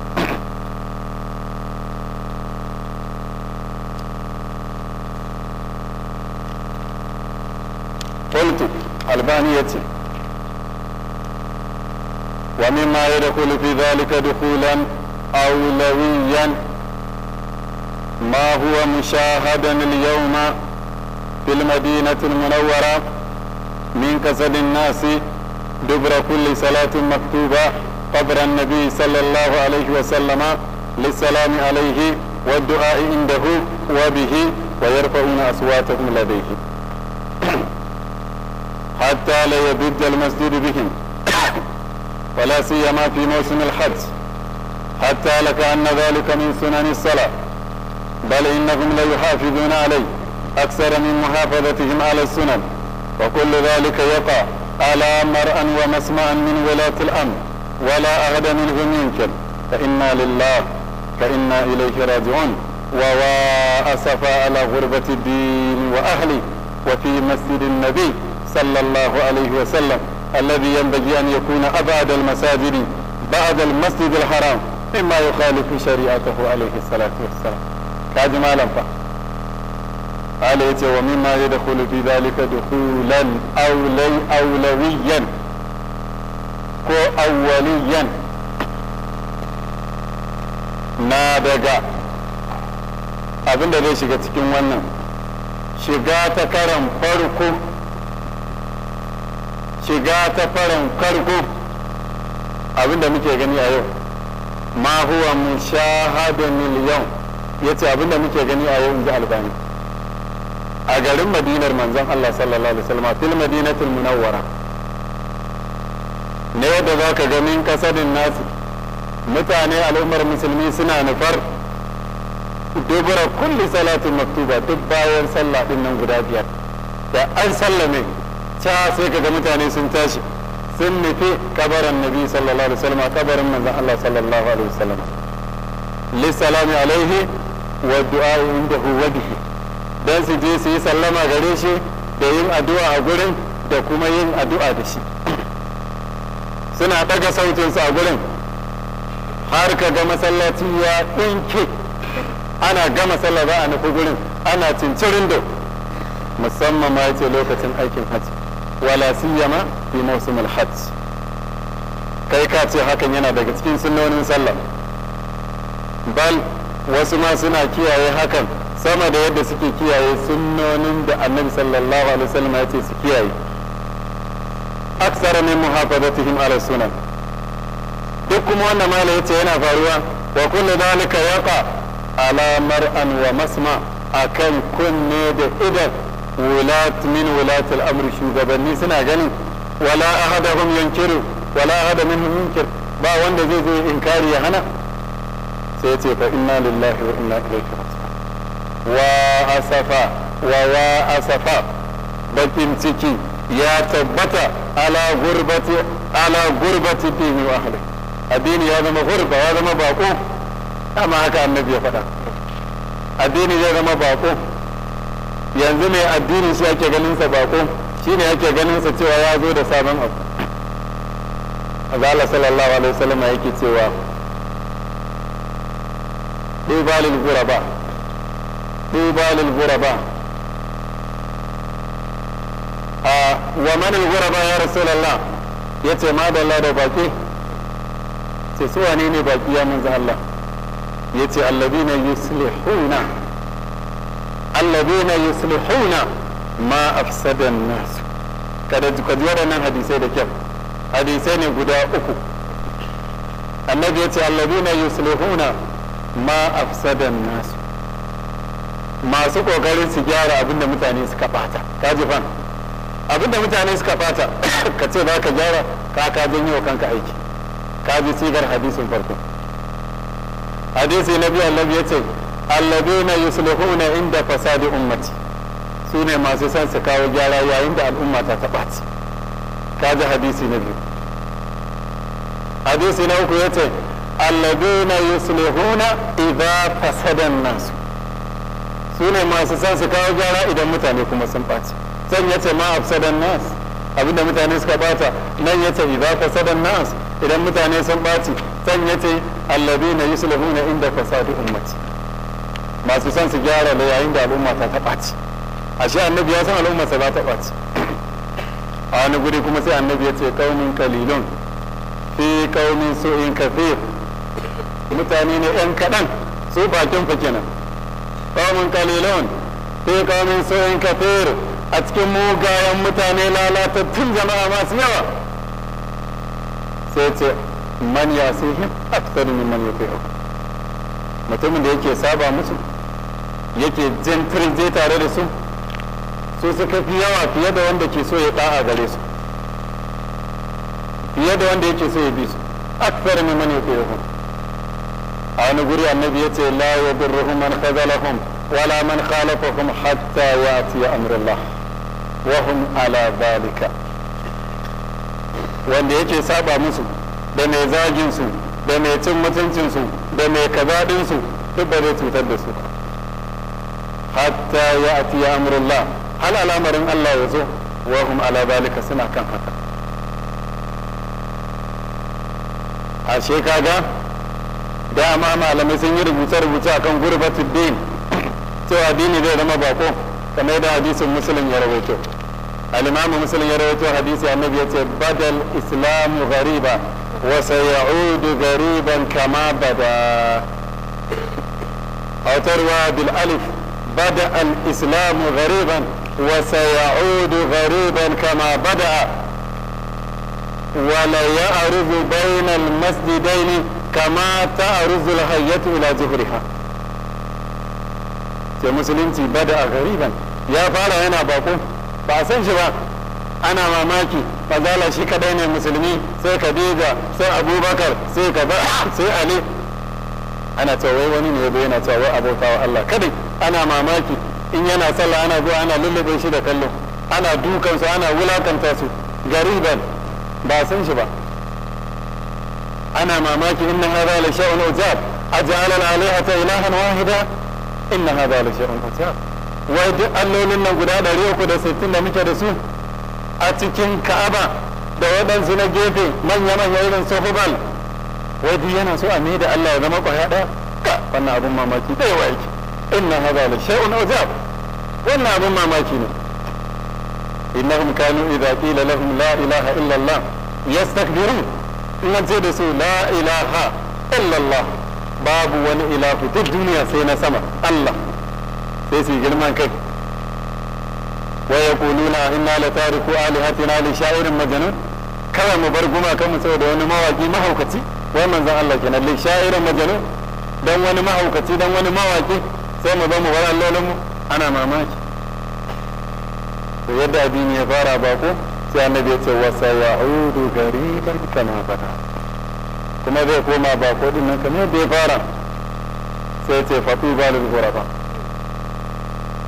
qultu albani yace wa mimma yadkhulu fi dhalika dukhulan ma huwa mushahadan al-yawma في المدينة المنورة من كسد الناس دبر كل صلاة مكتوبة قبر النبي صلى الله عليه وسلم للسلام عليه والدعاء عنده وبه ويرفعون أصواتهم لديه حتى لا يبد المسجد بهم ولا سيما في موسم الحج حتى لكأن ذلك من سنن الصلاة بل إنهم ليحافظون عليه أكثر من محافظتهم على السنن وكل ذلك يقع على مرأ ومسمع من ولاة الأمر ولا أحد منه منكم فإنا لله فإنا إليه راجعون ووا أسفا على غربة الدين وأهله وفي مسجد النبي صلى الله عليه وسلم الذي ينبغي أن يكون أبعد المساجد بعد المسجد الحرام مما يخالف شريعته عليه الصلاة والسلام كاجي ما لم ومما يدخل في ذلك دخولا أولي أولويا ko awwaliyan na daga abinda zai shiga cikin wannan shiga ta karan farko shiga ta faran karko abinda muke gani a yau ma huwa mushahadun miliyan ya ce abinda muke gani a yau inji albani a garin madinar manzon allah sallallahu alaihi wasallam fil madinatul munawwara na yadda za ka ganin kasadin nasu mutane al'ummar musulmi suna nufar dubura kulli salatin maktuba duk bayan sallah din nan guda biyar da an sallame ca sai ka ga mutane sun tashi sun nufi kabarin nabi sallallahu alaihi wasallam kabarin manzon Allah sallallahu alaihi wasallam lissalami alaihi wa du'a indahu wa bihi dan su je su yi sallama gare shi da yin addu'a a gurin da kuma yin addu'a da shi suna ɗaga sautin sa gurin har ka ga masallaci ya ɗinke ana gama sallah ba a nufi gurin ana cincirin da musamman ma yace lokacin aikin hajji wala siyama fi mawsimul hajj kai ka ce hakan yana daga cikin sunnonin sallah bal wasu ma suna kiyaye hakan sama da yadda suke kiyaye sunnonin da annabi sallallahu alaihi wasallam ya ce su kiyaye aksara min muhafadatihim ala sunan duk kuma wannan mala yace yana faruwa wa kullu dhalika yaqa ala mar'an wa masma akan kunne da idan wulat min wulat al-amr shugabanni suna ganin wala ahadahum yankiru wala ahada minhum yunkir ba wanda zai zo inkari ya hana sai yace fa inna lillahi wa inna ilaihi wa asafa wa wa asafa bakin ciki ya tabbata ala gurbati ala gurbati dini wa ahli addini ya zama gurba ya zama bako amma haka annabi ya faɗa addini ya zama bako yanzu mai addini shi ake ganin sa bako shine ake ganin sa cewa ya zo da sabon abu azala sallallahu alaihi wasallam yake cewa duba lil guraba duba lil guraba a wa manil guraba ya ya ce ma da dalla da baki ce su wani ne baki ya manzo Allah ya yace alladina yuslihuna alladina yuslihuna ma afsada an-nas kada ku ji waɗannan hadisai da kyau hadisai ne guda uku annabi yace alladina yuslihuna ma afsada an-nas masu ƙoƙarin su gyara abinda mutane suka bata kaji fan Abin da mutane suka fata ka ce ba ka gyara ka ka janyo wa kanka aiki ka ji sigar hadisin farko hadisi na biyu annabi ya ce alladina yuslihuna inda fasadi ummati su ne masu son su kawo gyara yayin da al'umma ta taɓaci ka ji hadisi na biyu hadisi na uku ya ce alladina yuslihuna idza fasadan nasu su ne masu son su kawo gyara idan mutane kuma sun ɓaci can ya ce ma afsadan nas da mutane suka bata nan ya ce idza fasadan nas idan mutane sun baci can ya ce alladina na inda fasadu ummati masu son su gyara da yayin da al'umma ta ta baci ashe annabi ya san al'ummarsa za ta baci a wani guri kuma sai annabi ya ce kaumin kalilun fi kaumin su'in kafir mutane ne yan kaɗan su bakin fa kenan kaumin kalilun fi kaumin su'in kafir a cikin mugayen mutane lalatattun jama'a masu yawa sai ce man ya sihim akthar min man ya yuti'u mutumin da yake saba musu yake jin firje tare da su su suka fi yawa fiye da wanda ke so ya ɗa'a gare su fiye da wanda yake so ya bi su akthar min man ya yuti'u a wani guri annabi ya ce la yadurruhum man khazalahum wala man khalafahum hatta ya'ti amrullah wahum ala zalika wanda yake saba musu da mai zagin su da mai cin mutuncin su da mai kazadin su duk ba zai cutar da su hatta ya ati ya amrullah hal al'amarin Allah ya zo wahum ala zalika suna kan haka ashe kaga dama malamai sun yi rubuce-rubuce akan gurbatul din cewa dini zai zama bako kamar yadda hadisin musulun ya rawaito al-imamu musulun ya rawaito hadisi annabi ya ce badal islamu ghariba wa sayaudu ghariban kama bada a wata ruwa bil alif bada al-islamu ghariban wa sayaudu ghariban kama bada ولا يعرض بين المسجدين كما تعرض الحية إلى جهرها. في مسلمتي بدأ غريبا ya fara yana bako ba a san shi ba ana mamaki mazala shi kadai ne musulmi sai khadija sai abubakar sai kaza sai ali ana cewa wani ne yazo yana cewa wai abokawa Allah kadai ana mamaki in yana sallah ana zuwa ana lullube shi da kallo ana dukansu ana wulakanta su gariban ba san shi ba ana mamaki inna hadha la shay'un ujab aj'ala al-alihata ilahan wahida inna hadha la shay'un ujab wai duk allolin nan guda ɗari uku da sittin da muke da su a cikin ka'aba da waɗansu na gefe manya-manya irin su wai duk yana so a da Allah ya zama kwaya ɗaya ka wannan abun mamaki da yawa yake inna hadha la shay'un ajab wannan abun mamaki ne innahum kanu idza qila lahum la ilaha illa Allah yastakbirun in ce da su la ilaha illa Allah babu wani ilahu duk duniya sai na sama Allah sai su girman kai wa yaquluna inna la tariku alihatina li sha'irin majnun kawai mu bar gumakan mu saboda wani mawaki mahaukaci wai manzon Allah kenan li sha'irin majnun dan wani mahaukaci dan wani mawaki sai mu zo mu bar allolin mu ana mamaki to yadda addini ya fara ba ko sai annabi ya ce wa sayaudu gariban kana fata kuma zai koma ba ko din nan kamar da ya fara sai ya ce fatu gora ba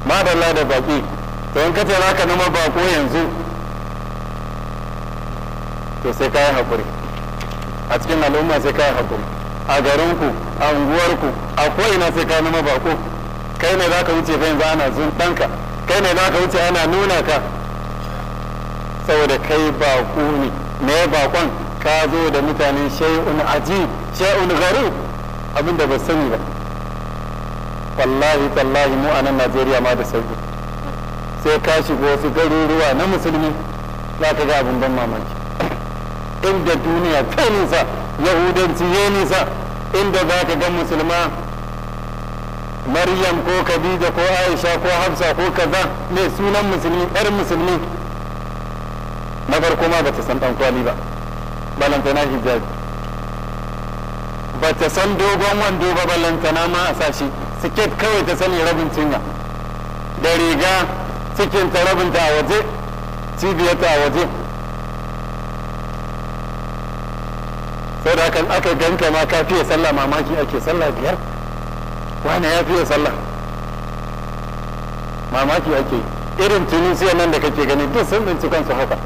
ba da da baƙi to in ka ce ka nama baƙo yanzu to sai ka yi haƙuri a cikin al'umma sai ka yi haƙuri a garinku a unguwarku a ko'ina sai ka nama baƙo kai ne za ka wuce fa yanzu ana zun ɗanka kai ne za ka wuce ana nuna ka saboda kai baƙo ne me baƙon ka zo da mutanen shay'un ajib shay'un garu abinda ba sani ba wallahi tallahi mu a nan najeriya ma da sauki sai ka shiga wasu garuruwa na musulmi za ka ga abin ban mamaki inda duniya ta nisa yahudanci ya nisa inda za ka ga musulma maryam ko khadija ko aisha ko hafsa ko kaza mai sunan musulmi yar musulmi na farko ma ba ta san dan kwali ba balantana hijabi ba ta san dogon wando ba balantana ma a sashi siket kawai ta sani rabin cinya da riga cikinta rabinta a waje cibiyar a waje sau da hakan aka ganka ma ka fiye sallah mamaki ake sallah biyar wane ya fiye sallah mamaki ake irin siya nan da kake gani duk sun tsinci kansu haka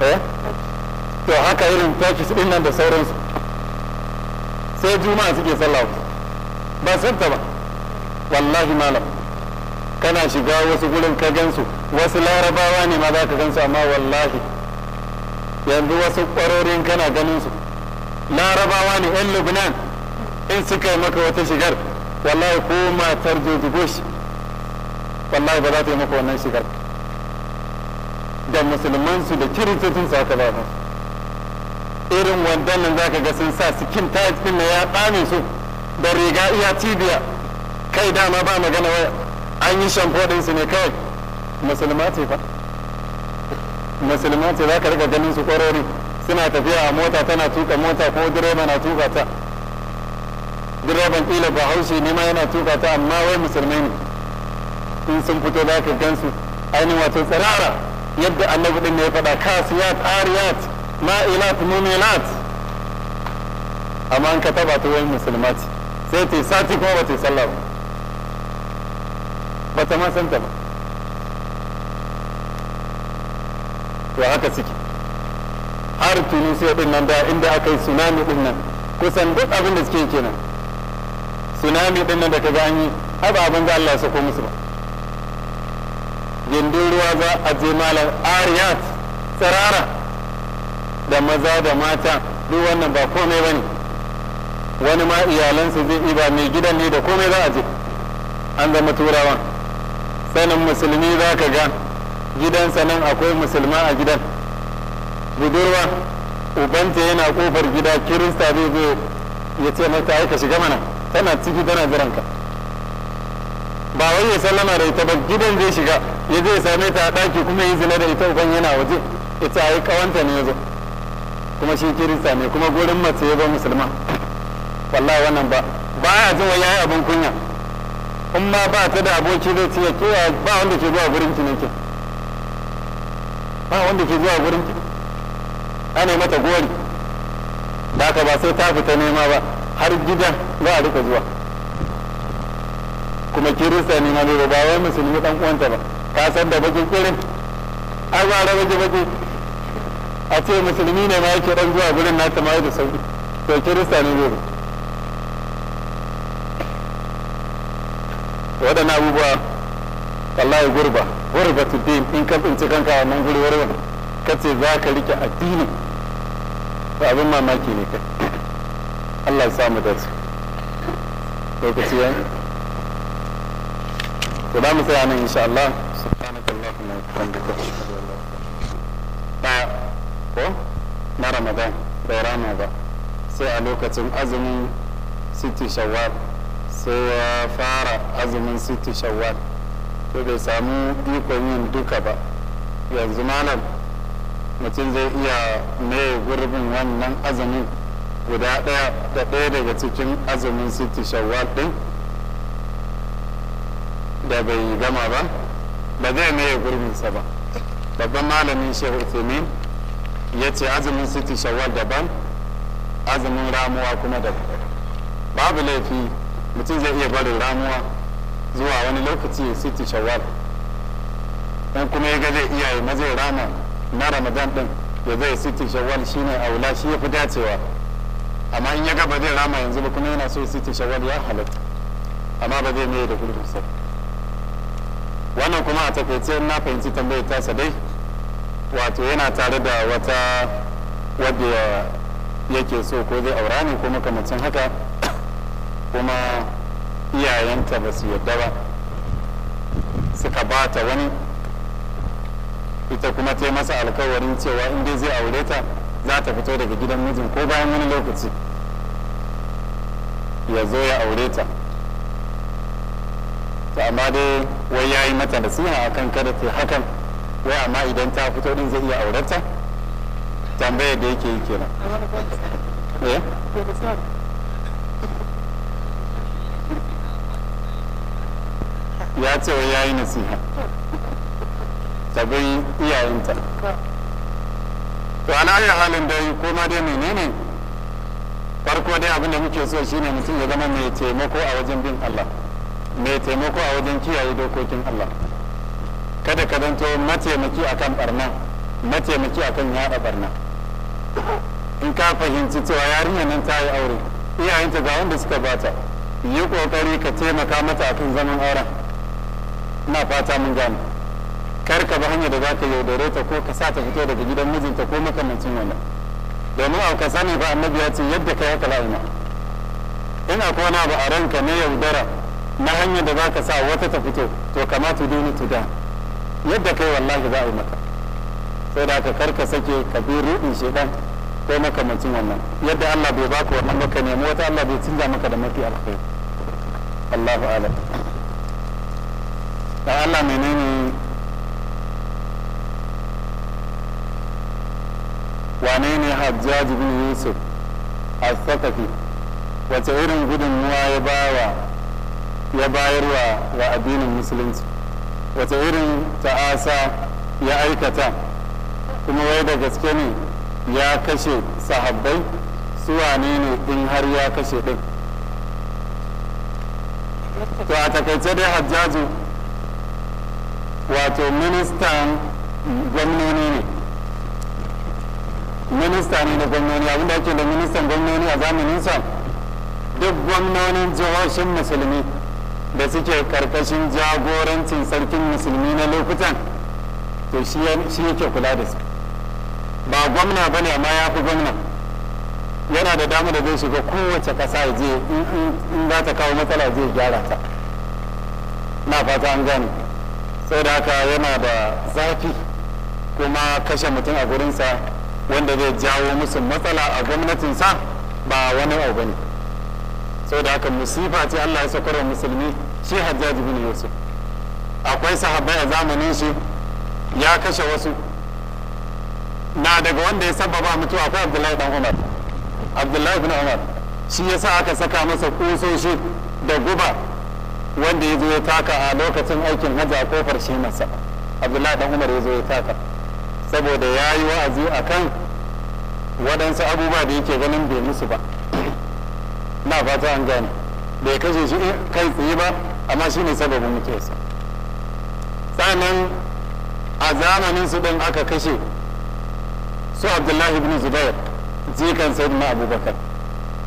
eh? to haka irin turkish din nan da sauransu sai juma'a suke sallah ba san ta ba wallahi malam kana shiga wasu gurin ka gansu wasu larabawa ne ma za ka gansu amma wallahi yanzu wasu kwarorin kana ganin su larabawa ne yan lubnan in suka yi maka wata shigar wallahi ko matar George Bush wallahi ba za ta yi maka wannan shigar da musulmansu da kiristocinsu haka ba musu irin wandon nan zaka ga sun sa sikin cikin din ya tsame su da riga iya cibiya kai dama ba magana waya an yi shamfo su ne kawai musulma ce fa musulma ce zaka riga ganin su kwarori suna tafiya a mota tana tuka mota ko direba na tuka ta direban kila haushi ne ma yana tuka ta amma wai musulmai ne in sun fito zaka gansu ainihin wato tsirara yadda annabi din ne ya faɗa kasiyat ariyat ma'ilat muminat amma an ka taba ta wani musulmat sai ta yi sati kuma ba ta yi sallah ba ba ta ma ta ba to haka suke har sai din nan da inda aka yi tsunami din nan kusan duk abin da suke kenan tsunami din nan da ka gani haba abin da Allah ya sako musu ba gindin ruwa za a je malam ariyat tsirara da maza da mata duk wannan ba komai ba ne wani ma iyalansu zai ba mai gidan ne da komai za a je an zama turawa sanin musulmi za ka ga gidansa nan akwai musulma a gidan budurwa ubanta yana kofar gida kirista zai zo ya ce mata aika shiga mana tana ciki tana jiranka ba wai ya sallama da ita ba gidan zai shiga ya zai same ta a ɗaki kuma ya zina da ita uban yana waje ita yi kawanta ne ya zo kuma shi kirista ne kuma gurin mace ya ba musulman wallahi wannan ba ba a jin wai yayi abin kunya in ma ba ta da aboki zai ce kewa ba wanda ke zuwa gurin ki ne ke ba wanda ke zuwa gurin ki ana mata gori ba ka ba sai ta fita nema ba har gidan za a rika zuwa kuma kirista ne ma ba wai musulmi dan uwanta ba ka san da bakin kirin a ba da bakin a ce musulmi ne ma yake ɗan zuwa gurin nata ma da sauki to kirista ne zai waɗannan abubuwa wallahi gurba gurba din in ka tsinci kanka nan guri wurin ka ce za ka rike addini to abin mamaki ne kai Allah ya samu dace lokaci ya to za mu tsaya nan insha Allah subhanakallahumma wa bihamdika ramadana ba sai a lokacin azumin siti shawwal sai ya fara azumin siti shawwal to bai samu ikon yin duka ba yanzu malam mutum zai iya mai gurbin wannan azumin guda ɗaya da ɗaya daga cikin azumin siti shawwal ɗin da bai gama ba ba zai maye gurbinsa ba babban malamin shehu temin ya ce azumin siti shawwal daban azumin ramuwa kuma da babu laifi mutum zai iya barin ramuwa zuwa wani lokaci ya siti shawar in kuma ya ga zai iya yi mazai rama na ramadan din ya zai siti ne a aula shi ya fi dacewa amma in ya ga ba zai rama yanzu ba kuma yana so siti shawar ya halatta amma ba zai mai da gurbin sa wannan kuma a takaice na fahimci tambayar tasa dai wato yana tare da wata wadda yake so ko zai aura ne ko makamacin haka kuma iyayenta ba su yarda ba suka ba ta wani ita kuma ta yi masa alkawarin cewa in dai zai aure ta za ta fito daga gidan mijin ko bayan wani lokaci ya zo ya aure ta ta amma dai wai ya yi mata nasiha akan kada ta hakan wai amma idan ta fito din zai iya aurarta tambaya da yake yi kenan eh? ya ce wa yayi nasiha ta bai iyayenta to ana yi halin da yi koma dai menene farko dai abin da muke so shine mutum ya zama mai taimako a wajen bin Allah mai taimako a wajen kiyaye dokokin Allah kada ka zanto mataimaki akan barna mataimaki akan yada barna in ka fahimci cewa yarinyar nan ta yi aure iyayenta ga wanda suka bata yi kokari ka taimaka mata a kan zaman auren ina fata mun gane kar ka bi hanya da za ka yaudare ta ko ka sa ta fito daga gidan mijinta ko makamancin wannan domin a sani ba annabi ya ce yadda ka yaka la'ina ina ko na ba a ranka na yaudara na hanyar da za ka sa wata ta fito to kamata duni tuda yadda kai wallahi za a yi maka sai da ka karka sake ka bi rudin shedan ko makamancin wannan yadda Allah bai baka wannan ba ka nemi wata Allah bai canza maka da mafi alkhairi Allahu a'lam da Allah menene wane ne Hajjaj bin Yusuf al-Thaqafi wace irin gudunmuwa ya bawa ya bayarwa wa addinin musulunci wace irin ta'asa ya aikata kuma wai da gaske ne ya kashe sahabbai su wane ne in har ya kashe din to a takaice dai hajjaju wato ministan gwamnoni ne minista ne da gwamnoni abinda ake da ministan gwamnoni a zamaninsa duk gwamnonin jihohin musulmi da suke karkashin jagorancin sarkin musulmi na lokutan to shi yake kula da su ba gwamna ba ne amma ya fi gwamna yana da damar da zai shiga kowace kasa je in za ta kawo matsala zai gyara ta na fata an gane sai da haka yana da zafi kuma kashe mutum a gurinsa wanda zai jawo musu matsala a gwamnatinsa ba wani abu ba ne sau da haka musifa ce allah ya saukar wa musulmi shi hajjaji bin yusuf akwai sahabbai a zamanin shi ya kashe wasu na daga wanda ya ba mutuwa ko abdullahi dan umar abdullahi bin umar shi yasa aka saka masa kusoshi da guba wanda ya zo ya taka a lokacin aikin hajji a kofar shi masa abdullahi dan umar ya zo ya taka saboda ya yi wa'azi a kan waɗansu abubuwa da yake ganin bai musu ba na fata an gane bai kashe shi kai tsaye ba amma shi ne sababin mutuwarsa sannan a zamanin su ɗin aka kashe su abdullahi ibn zubair jikan na abubakar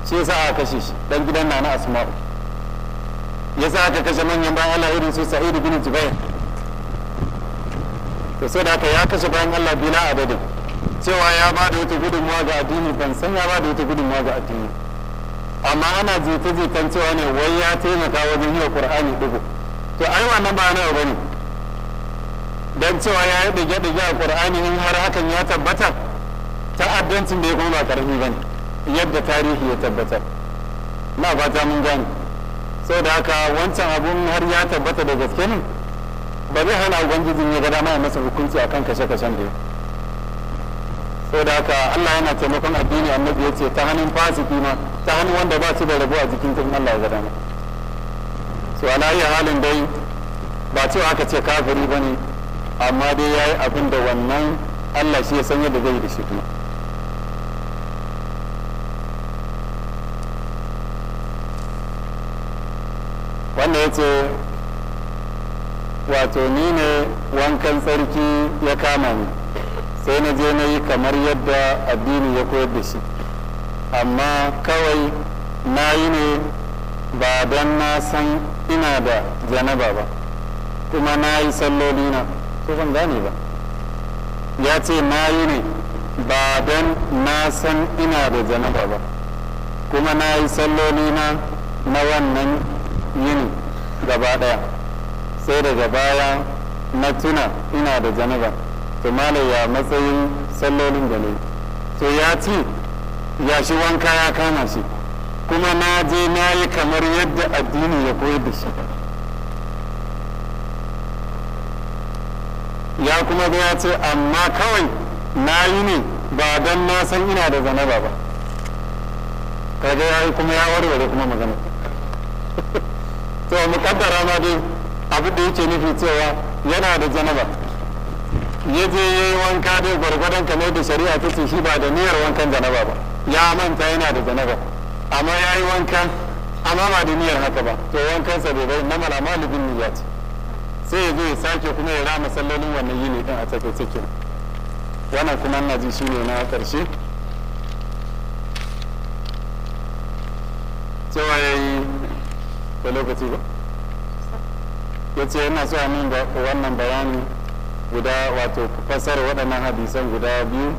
shi yasa aka kashe shi dan gidan nana asma'u yasa aka kashe manyan bayan Allah irin su sa'id ibn zubair to sai da ya kashe bayan Allah bila adadin cewa ya ba da wata gudunmuwa ga addini ban san ya ba da wata gudunmuwa ga addini amma ana jita-jitan cewa ne wai ya taimaka wajen yi wa qur'ani dubu to ai wannan ba nawa bane dan cewa ya yi dige-dige a qur'ani in har hakan ya tabbata ta'addancin da ya kuma karfi ne yadda tarihi ya tabbatar na fata mun gane sau da haka wancan abun har ya tabbata da gaske ne ba zai hana ubangijin ya ga dama ya masa hukunci akan kashe-kashen da sau da haka Allah yana taimakon addini annabi ya ce ta hannun fasiki ma ta hannun wanda ba su da rabu a jikin tun Allah ya ga dama su ala halin dai ba cewa aka ce kafiri ba ne amma dai ya yi abin da wannan Allah shi ya san yadda zai yi da shi kuma ce wato ni ne wankan tsarki ya kama ni sai na je na yi kamar yadda addini ya koyar da shi amma kawai na yi ne ba don na san ina da janaba ba kuma na yi salloli na ban gane ba ya ce na yi ne ba don na san ina da janaba ba kuma na yi salloli na na wannan yini gaba daya sai daga baya na tuna ina da janaba to ya matsayin sallolin da ne to ya ci ya shi wanka ya kama shi kuma na je na yi kamar yadda addini ya koyar da shi ya kuma ya ce amma kawai na yi ne ba don na san ina da zanaba ba kaga ya yi kuma ya warware kuma magana to mukaddara ma dai abin da yake nufi cewa yana da janaba ya je ya yi wanka da gwargwadon kamar da shari'a ta shi ba da niyyar wankan janaba ba ya manta yana da janaba amma ya yi wanka amma ba da niyyar haka ba to wankansa bai bai na mala malibin ya ce sai ya zo ya sake kuma ya rama sallolin wannan yini din a take take wannan kuma na ji shi ne na karshe cewa ya yi. da lokaci ba ya ce yana so a min wannan bayani guda wato fasar waɗannan hadisan guda biyu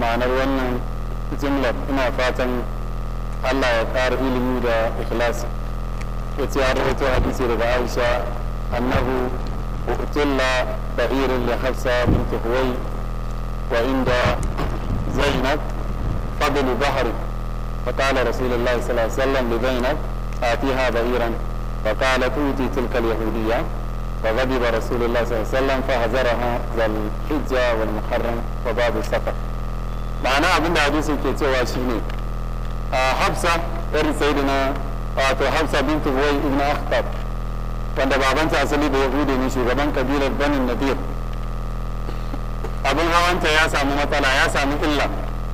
ma'anar wannan jimlar ina fatan allah ya ƙara ilimi da ikhlasi ya ce an rahoto hadisi daga aisha annahu utulla ba'irin li hafsa bint huwai wa inda zainab fadlu bahri فقال رسول الله صلى الله عليه وسلم لزينب آتيها بعيرا فقال توتي تلك اليهودية فغضب رسول الله صلى الله عليه وسلم فهزرها ذا الحجة والمحرم وباب السفر معنى من عدوس كيتو واشيني حبسة آه، إر سيدنا أتو آه، حبسة بنت بوي ابن أخطب وأن أنت أسلي بيهودي نشي غبان كبير بني النذير أبن هوانت ياسع ممطلع ياسع من إلا